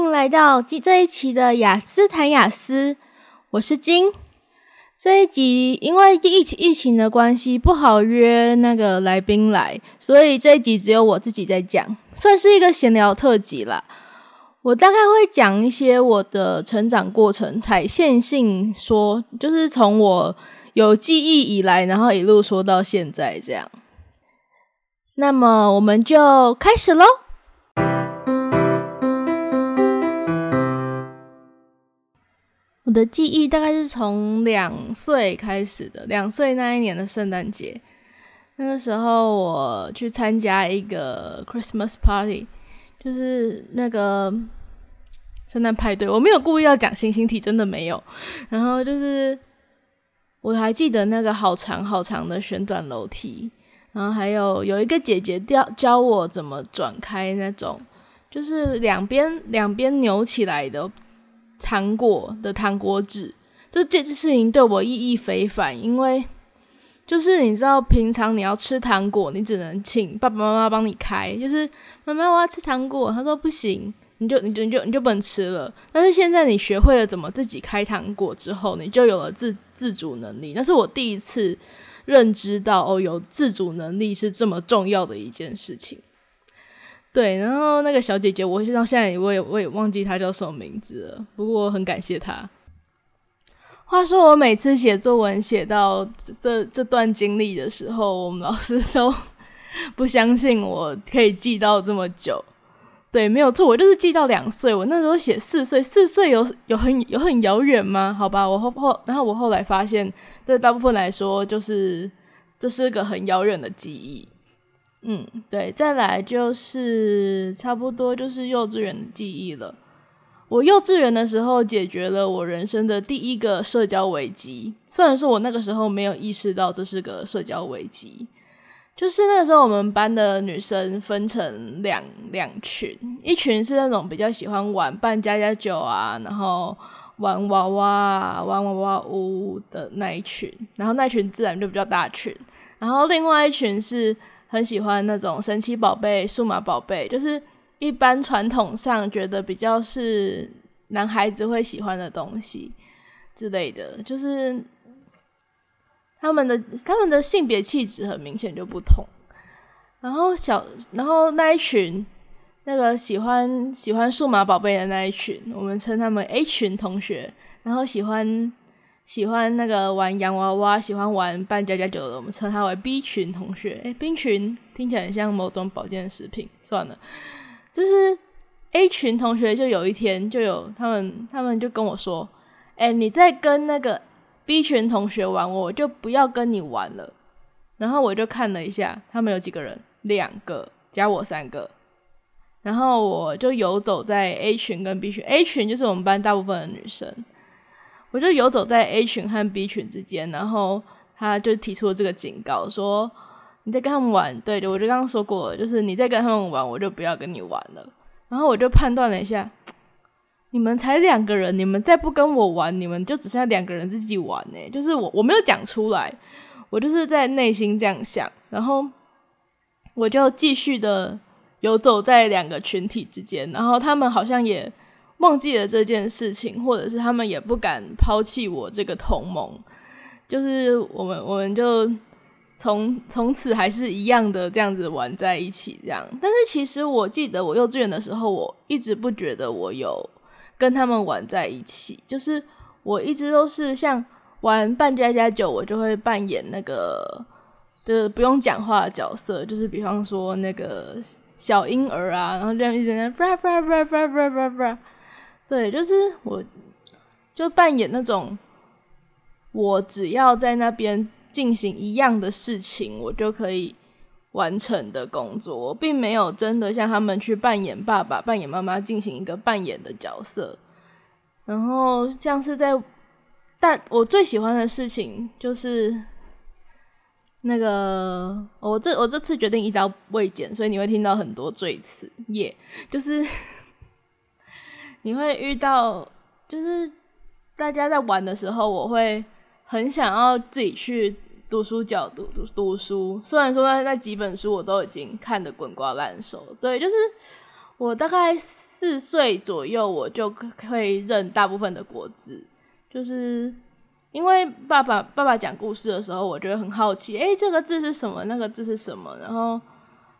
歡迎來到這這一期的亞斯談亞斯，我是金。這一集因為疫情疫情的關係不好約那個來賓來，所以這一集只有我自己在講，算是一個閒聊特輯啦。我大概會講一些我的成長過程，才線性說，就是從我有記憶以來，然後一路說到現在這樣。那麼我們就開始嘍。我的記憶大概是從兩歲開始的。兩歲那一年的聖誕節，那個時候我去參加一個 Christmas party，就是那個聖誕派對。我沒有故意要講星星體，真的沒有。然後就是我還記得那個好長好長的旋轉樓梯，然後還有有一個姐姐教教我怎麼轉開那種，就是兩邊兩邊扭起來的糖果的糖果紙，就這件事情對我意義非凡，因為就是你知道，平常你要吃糖果，你只能請爸爸媽媽幫你開，就是媽媽我要吃糖果，她說不行，你就你就你就你就不能吃了。但是現在你學會了怎麼自己開糖果之後，你就有了自自主能力。那是我第一次認知到哦，有自主能力是這麼重要的一件事情。對，然後那個小姐姐，我到現在我也我也忘記她叫什麼名字了。不過我很感謝她。話說，我每次寫作文寫到這這段經歷的時候，我們老師都不相信我可以記到這麼久。對，沒有錯，我就是記到兩歲。我那時候寫四歲，四歲有有很有很遙遠嗎？好吧，我後後，然後我後來發現，對大部分來說，就是，就是這是個很遙遠的記憶。嗯，對，再來就是差不多就是幼稚園的記憶了。我幼稚園的時候解決了我人生的第一個社交危機，雖然說我那個時候沒有意識到這是個社交危機，就是那個時候我們班的女生分成兩兩群，一群是那種比較喜歡玩扮家家酒啊，然後玩娃娃、玩娃娃屋的那一群，然後那一群自然就比較大群，然後另外一群是。很喜歡那種神奇寶貝、數碼寶貝，就是一般傳統上覺得比較是男孩子會喜歡的東西之類的，就是他們的他們的性別氣質很明顯就不同。然後小，然後那一群，那個喜歡喜歡數碼寶貝的那一群，我們稱他們 A 群同學，然後喜歡。喜歡那個玩洋娃娃、喜歡玩扮家家酒的，我們稱他為 B 群同學。誒，B 群聽起來很像某種保健的食品，算了。就是 A 群同學，就有一天就有他們，他們就跟我說：“誒，你在跟那個 B 群同學玩，我就不要跟你玩了。”然後我就看了一下，他們有幾個人，兩個加我三個。然後我就游走在 A 群跟 B 群。A 群就是我們班大部分的女生。我就游走在 A 群和 B 群之間，然後他就提出了這個警告說，說你再跟他們玩，對的，就我就剛剛說過了，就是你再跟他們玩，我就不要跟你玩了。然後我就判斷了一下，你們才兩個人，你們再不跟我玩，你們就只剩下兩個人自己玩呢、欸。就是我我沒有講出來，我就是在內心這樣想，然後我就繼續的遊走在兩個群體之間，然後他們好像也。忘記了這件事情，或者是他們也不敢拋棄我這個同盟，就是我們，我們就從從此還是一樣的這樣子玩在一起，這樣。但是其實我記得我幼稚園的時候，我一直不覺得我有跟他們玩在一起，就是我一直都是像玩扮家家酒，我就會扮演那個、就是不用講話的角色，就是比方說那個小嬰兒啊，然後這樣一直在那，刷刷刷 f r 刷刷。對，就是我，就扮演那種我只要在那邊進行一樣的事情，我就可以完成的工作。我並沒有真的像他們去扮演爸爸、扮演媽媽，進行一個扮演的角色。然後像是在，但我最喜歡的事情就是那個，我這我這次決定一刀未剪，所以你會聽到很多贅詞耶，yeah, 就是。你會遇到，就是大家在玩的時候，我會很想要自己去讀書角讀讀讀書。雖然說那那幾本書我都已經看得滾瓜爛熟，對，就是我大概四歲左右，我就可以認大部分的國字。就是因為爸爸爸爸講故事的時候，我覺得很好奇，誒，這個字是什麼？那個字是什麼？然後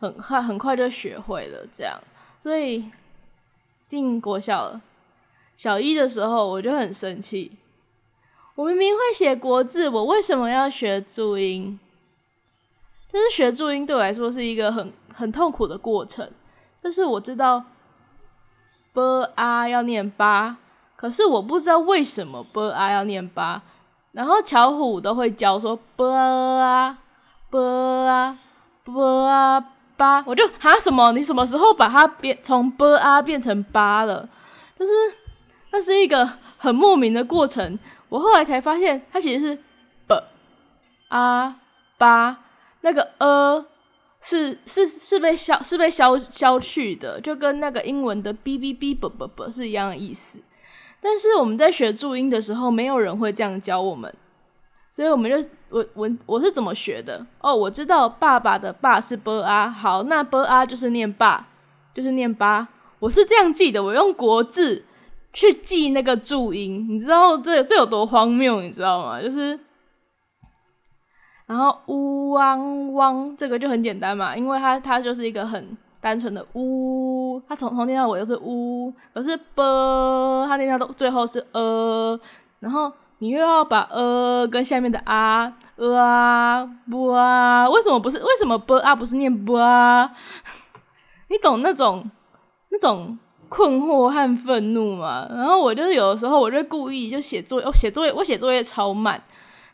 很快很快就學會了這樣，所以。進國小了，小一的時候我就很生氣。我明明會寫國字，我為什麼要學注音？但、就是學注音對我來說是一個很很痛苦的過程。但、就是我知道，b a、啊、要念八，可是我不知道為什麼 b a 要念八。然後巧虎都會教說 b 啊 b a b a。啊啊啊啊八，我就哈什麼？你什麼時候把它變從 b a 變成八了？就是那是一個很莫名的過程。我後來才發現，它其實是 b a 八，ba, 那個呃是是是被消是被消消去的，就跟那個英文的 b b b b b b 是一樣的意思。但是我們在學注音的時候，沒有人會這樣教我們。所以我們就我我我是怎麼學的哦？我知道爸爸的爸是 b 啊，a, 好，那 b 阿就是念爸，a, 就是念爸。A. 我是這樣記的，我用國字去記那個注音，你知道這個、這個、有多荒謬，你知道嗎？就是，然後 u、呃、汪，汪，這個就很簡單嘛，因為它它就是一個很單純的 u，、呃、它從頭念到尾都是 u，、呃、可是波它念到最後是呃，然後。你又要把呃跟下面的啊、呃啊、不、啊，為什麼不是？為什麼不啊不是念不啊？你懂那種那種困惑和憤怒嗎？然後我就是有的時候，我就故意就寫作業，我、哦、寫作業，我寫作業超慢。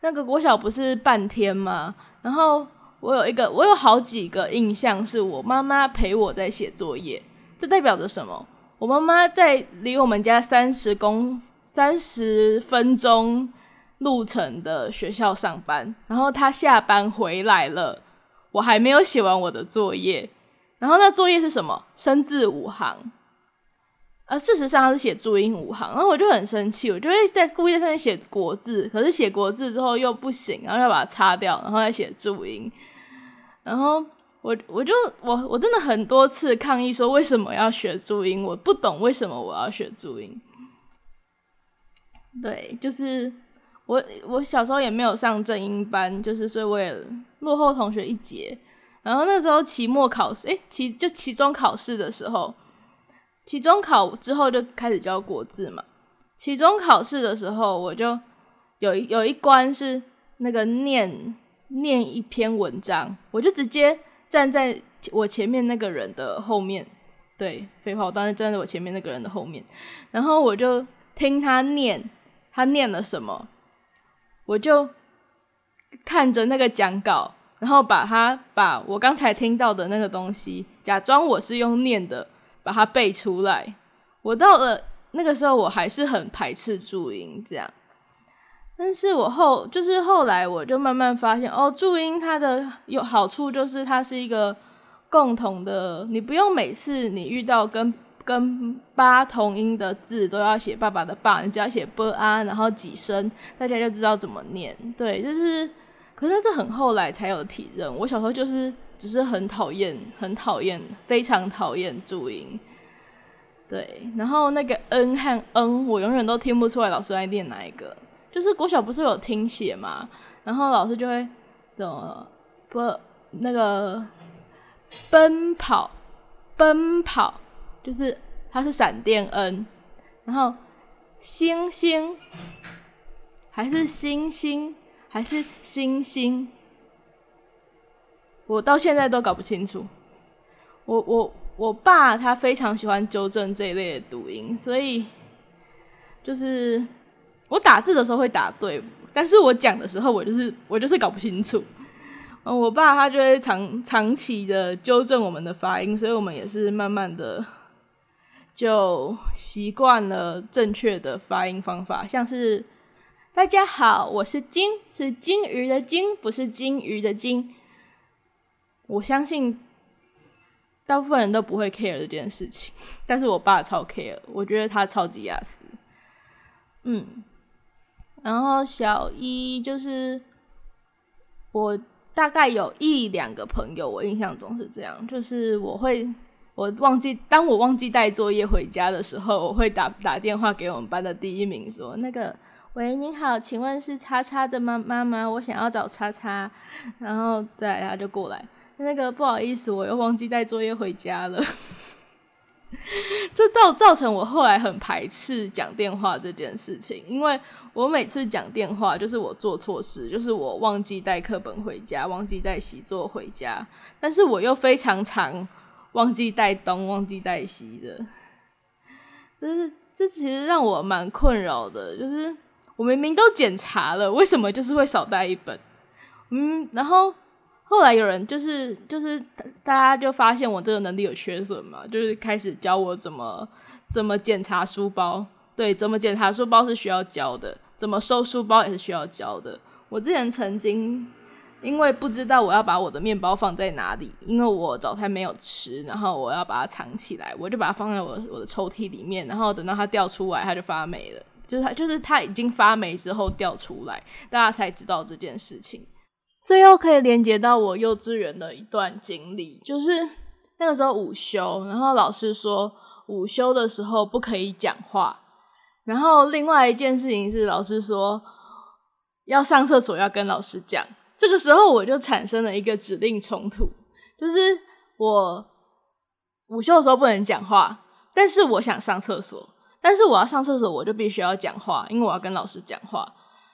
那個國小不是半天嗎？然後我有一個，我有好幾個印象，是我媽媽陪我在寫作業。這代表着什麼？我媽媽在離我們家三十公。三十分鐘路程的學校上班，然後他下班回來了，我還沒有寫完我的作業。然後那作業是什麼？生字五行。啊，事實上他是寫注音五行。然後我就很生氣，我就會在故意在上面寫國字，可是寫國字之後又不行，然後要把它擦掉，然後再寫注音。然後我我就我我真的很多次抗議說，為什麼要學注音？我不懂為什麼我要學注音。對，就是我，我小時候也沒有上正音班，就是所以我也落後同學一節。然後那時候期末考試，誒，期就期中考試的時候，期中考之後就開始教國字嘛。期中考試的時候，我就有一有一關是那個念念一篇文章，我就直接站在我前面那個人的後面。對，廢話，我當然站在我前面那個人的後面，然後我就聽他念。他念了什麼，我就看着那個講稿，然後把他把我剛才聽到的那個東西，假裝我是用念的，把它背出來。我到了那個時候，我還是很排斥注音這樣，但是我後就是後來，我就慢慢發現哦，注音它的有好處就是它是一個共同的，你不用每次你遇到跟。跟八同音的字都要寫爸爸的爸，你只要寫不啊，然後幾聲，大家就知道怎麼念。對，就是，可是這很後來才有體認。我小時候就是只是很討厭，很討厭，非常討厭注音。對，然後那個 n 和 n，我永遠都聽不出來老師在念哪一個。就是國小不是有聽寫嘛，然後老師就會怎麼、嗯、不、那個奔跑，奔跑。就是它是閃電 n，然後星星還是星星還是星星，我到現在都搞不清楚。我我我爸他非常喜歡糾正這一類的讀音，所以就是我打字的時候會打對，但是我講的時候我就是我就是搞不清楚。哦，我爸他就會長長期的糾正我們的發音，所以我們也是慢慢的。就習慣了正確的發音方法，像是“大家好，我是鯨，是鯨魚的鯨，不是金魚的金。”我相信大部分人都不會 care 這件事情，但是我爸超 care，我覺得他超級亞斯。嗯，然後小一、e、就是我大概有一兩個朋友，我印象中是這樣，就是我會。我忘記，當我忘記帶作業回家的時候，我會打打電話給我們班的第一名說：“那個，喂，您好，請問是叉叉的媽媽嗎？我想要找叉叉。”然後，對，他就過來。那個不好意思，我又忘記帶作業回家了。 這造造成我後來很排斥講電話這件事情，因為我每次講電話就是我做錯事，就是我忘記帶課本回家，忘記帶習作回家，但是我又非常常。忘記帶東，忘記帶西的，就是這其實讓我蠻困擾的。就是我明明都檢查了，為什麼就是會少帶一本？嗯，然後後來有人就是就是大家就發現我這個能力有缺損嘛，就是開始教我怎麼怎麼檢查書包，對，怎麼檢查書包是需要教的，怎麼收書包也是需要教的。我之前曾經。因為不知道我要把我的麵包放在哪裡，因為我早餐沒有吃，然後我要把它藏起來，我就把它放在我的我的抽屜裡面，然後等到它掉出來，它就發霉了。就是它，就是它已經發霉之後掉出來，大家才知道這件事情。最後可以連接到我幼稚園的一段經歷，就是那個時候午休，然後老師說午休的時候不可以講話，然後另外一件事情是老師說要上廁所要跟老師講。這個時候我就產生了一個指令衝突，就是我午休的時候不能講話，但是我想上廁所，但是我要上廁所，我就必須要講話，因為我要跟老師講話，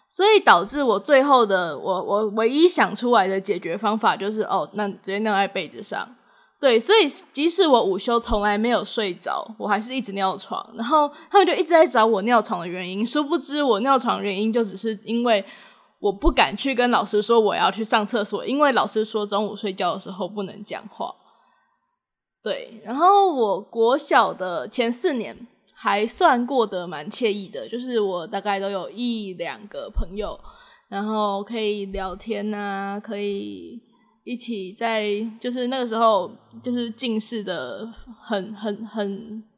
所以導致我最後的我我唯一想出來的解決方法就是哦，那直接尿在被子上，對，所以即使我午休從來沒有睡着，我還是一直尿床，然後他們就一直在找我尿床的原因，殊不知我尿床的原因就只是因為。我不敢去跟老師說我要去上廁所，因為老師說中午睡覺的時候不能講話。對，然後我國小的前四年還算過得蠻愜意的，就是我大概都有一兩個朋友，然後可以聊天啊，可以一起在，就是那個時候就是近視的很很很。很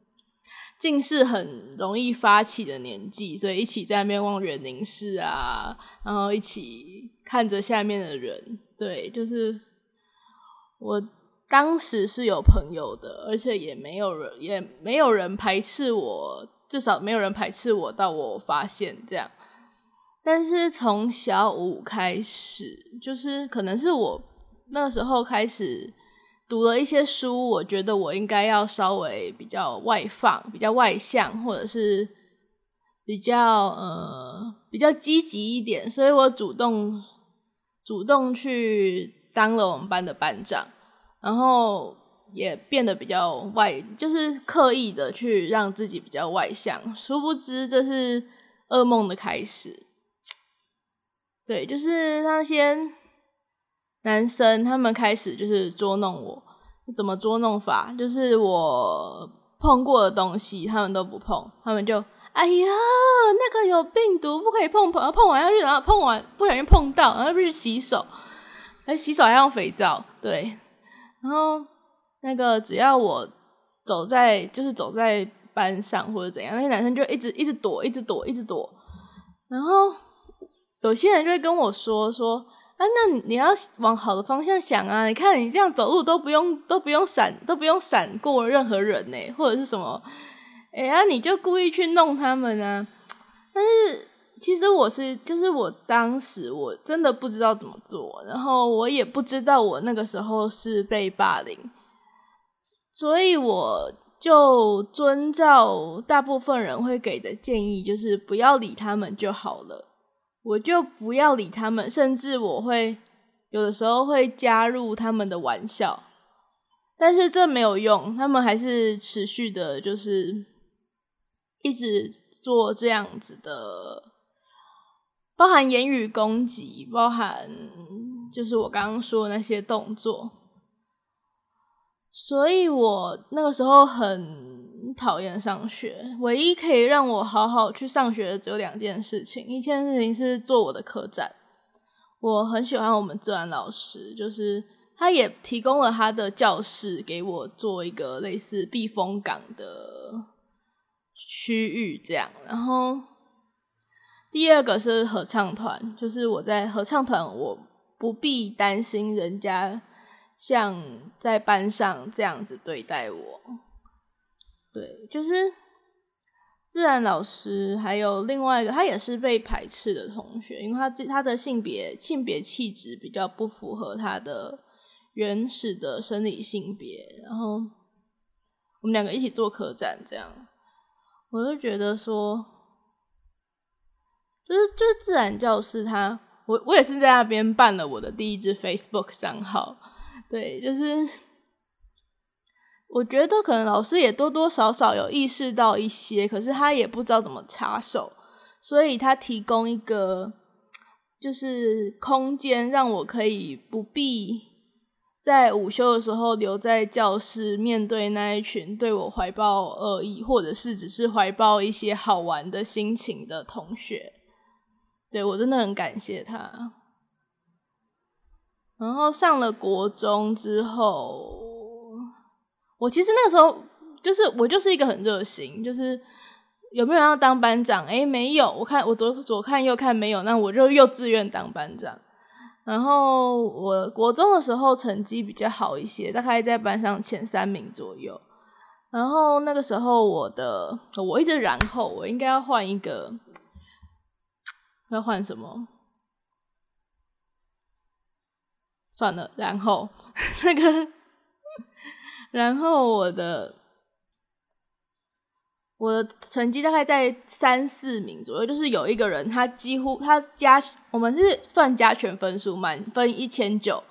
近視很容易發起的年紀，所以一起在那邊望遠凝視啊，然後一起看着下面的人，對，就是我當時是有朋友的，而且也沒有人，也沒有人排斥我，至少沒有人排斥我到我發現這樣。但是從小五開始，就是可能是我那時候開始。讀了一些書，我覺得我應該要稍微比較外放，比較外向，或者是比較呃比較積極一點，所以我主動主動去當了我們班的班長，然後也變得比較外，就是刻意的去讓自己比較外向，殊不知這是噩夢的開始。對，就是那些。男生他們開始就是捉弄我，怎麼捉弄法？就是我碰過的東西，他們都不碰。他們就哎呀，那個有病毒，不可以碰碰，碰完要去，然後碰完，後碰完不小心碰到，然後不去洗手，還洗手還要用肥皂。對，然後那個只要我走在就是走在班上或者怎樣，那些男生就一直一直躲，一直躲，一直躲。然後有些人就會跟我說說。啊，那你要往好的方向想啊！你看，你這樣走路都不用、都不用閃、都不用閃過任何人呢，欸，或者是什麼？哎呀，你就故意去弄他們啊，但是其實我是，就是我當時我真的不知道怎麼做，然後我也不知道我那個時候是被霸凌，所以我就遵照大部分人會給的建議，就是不要理他們就好了。我就不要理他們，甚至我會有的時候會加入他們的玩笑，但是這沒有用，他們還是持續的，就是一直做這樣子的，包含言語攻擊，包含就是我剛剛說的那些動作，所以我那個時候很。討厭上學，唯一可以讓我好好去上學的只有兩件事情。一件事情是做我的科展，我很喜歡我們自然老師，就是他也提供了他的教室給我做一個類似避風港的區域這樣。然後第二個是合唱團，就是我在合唱團，我不必擔心人家像在班上這樣子對待我。對，就是自然老師，還有另外一個，他也是被排斥的同學，因為他，他的性別、性別氣質比較不符合他的原始的生理性別，然後我們兩個一起做科展這樣，我就覺得說，就是就是，自然教室他，我，我也是在那邊辦了我的第一支 Facebook 賬號，對，就是。我覺得可能老師也多多少少有意識到一些，可是他也不知道怎麼插手，所以他提供一個就是空間，讓我可以不必在午休的時候留在教室面對那一群對我懷抱惡意，或者是只是懷抱一些好玩的心情的同學。對，我真的很感謝他。然後上了國中之後。我其實那個時候就是我就是一個很熱心，就是有沒有要當班長？哎、欸，沒有。我看我左左看右看沒有，那我就又自願當班長。然後我國中的時候成績比較好一些，大概在班上前三名左右。然後那個時候我的我一直然後我應該要換一個要換什麼？算了，然後 那個。然後我的我的成績大概在三四名左右，就是有一個人他幾乎他加我們是算加權分數，滿分一千九，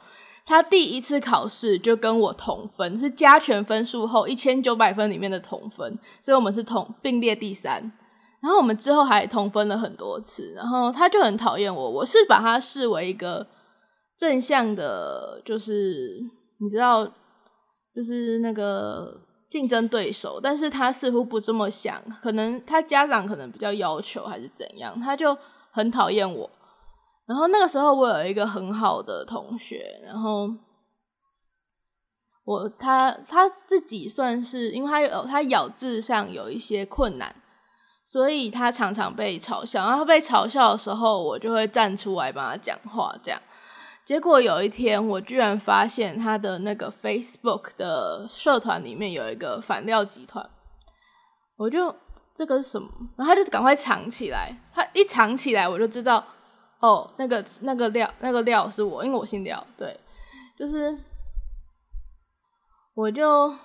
他第一次考試就跟我同分，是加權分數後一千九百分裡面的同分，所以我們是同並列第三。然後我們之後還同分了很多次，然後他就很討厭我，我是把他視為一個正向的，就是你知道。就是那個競爭對手，但是他似乎不這麼想，可能他家長可能比較要求還是怎樣，他就很討厭我。然後那個時候我有一個很好的同學，然後我他他自己算是，因為他有他咬字上有一些困難，所以他常常被嘲笑，然後他被嘲笑的時候，我就會站出來幫他講話，這樣。結果有一天，我居然發現他的那個 Facebook 的社團裡面有一個反料集團，我就這個是什麼？然後他就趕快藏起來。他一藏起來，我就知道哦，那個那個料，那個料是我，因為我姓廖。對，就是我就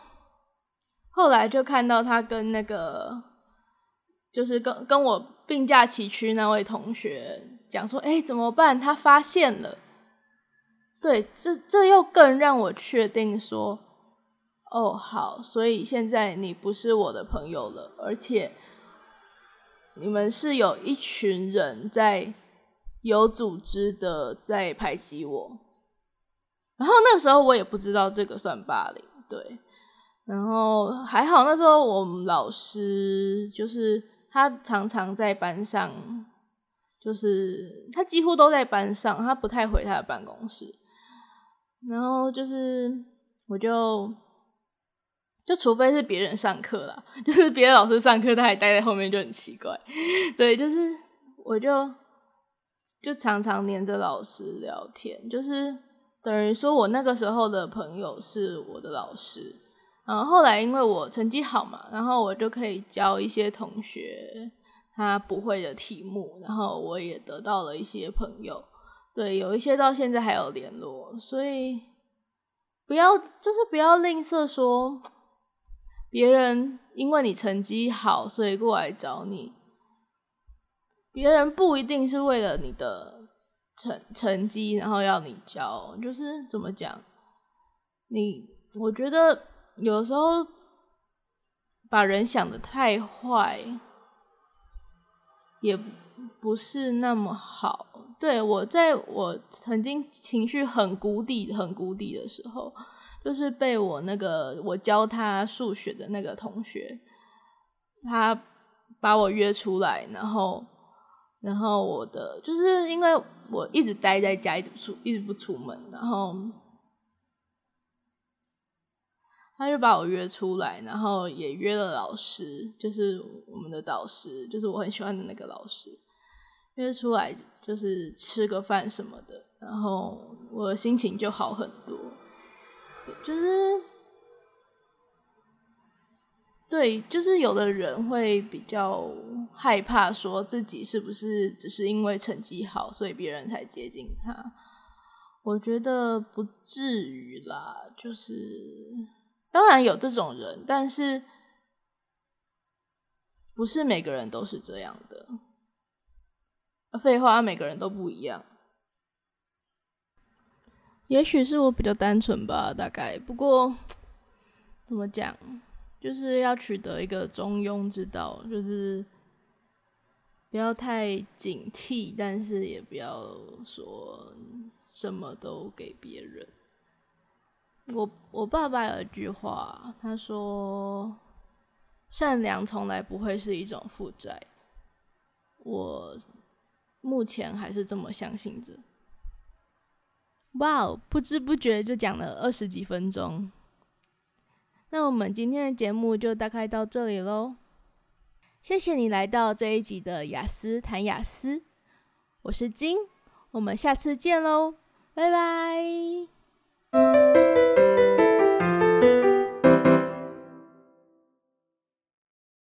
後來就看到他跟那個就是跟跟我並駕齊驅那位同學講說：“哎，怎麼辦？他發現了。”對，這這又更讓我確定說，哦，好，所以現在你不是我的朋友了，而且你們是有一群人在有組織的在排擠我。然後那個時候我也不知道這個算霸凌，對。然後還好那時候我們老師就是他常常在班上，就是他幾乎都在班上，他不太回他的辦公室。然後就是，我就就除非是別人上課啦，就是別的老師上課，他還待在後面就很奇怪。對，就是我就就常常黏着老師聊天，就是等於說我那個時候的朋友是我的老師。然後後來因為我成績好嘛，然後我就可以教一些同學他不會的題目，然後我也得到了一些朋友。對，有一些到現在還有聯絡，所以不要就是不要吝嗇說，別人因為你成績好，所以過來找你。別人不一定是為了你的成成績，然後要你教，就是怎麼講？你我覺得有時候把人想的太壞，也。不是那麼好，對，我在我曾經情緒很谷底，很谷底的時候，就是被我那個我教他數學的那個同學，他把我約出來，然後，然後我的，就是因為我一直待在家，一直不出，一直不出門，然後他就把我約出來，然後也約了老師，就是我們的導師，就是我很喜歡的那個老師。約出來就是吃個飯什麼的，然後我心情就好很多。就是，對，就是有的人會比較害怕，說自己是不是只是因為成績好，所以別人才接近他。我覺得不至於啦，就是當然有這種人，但是不是每個人都是這樣的。啊，廢話，每個人都不一樣。也許是我比較單純吧，大概。不過，怎麼講，就是要取得一個中庸之道，就是不要太警惕，但是也不要說什麼都給別人。我我爸爸有一句話，他說：“善良從來不會是一種負債。”我。目前還是這麼相信着。哇，wow，不知不覺就講了二十幾分鐘。那我們今天的節目就大概到這裡嘍。謝謝你來到這一集的亞斯談亞斯，我是金，我們下次見嘍，拜拜。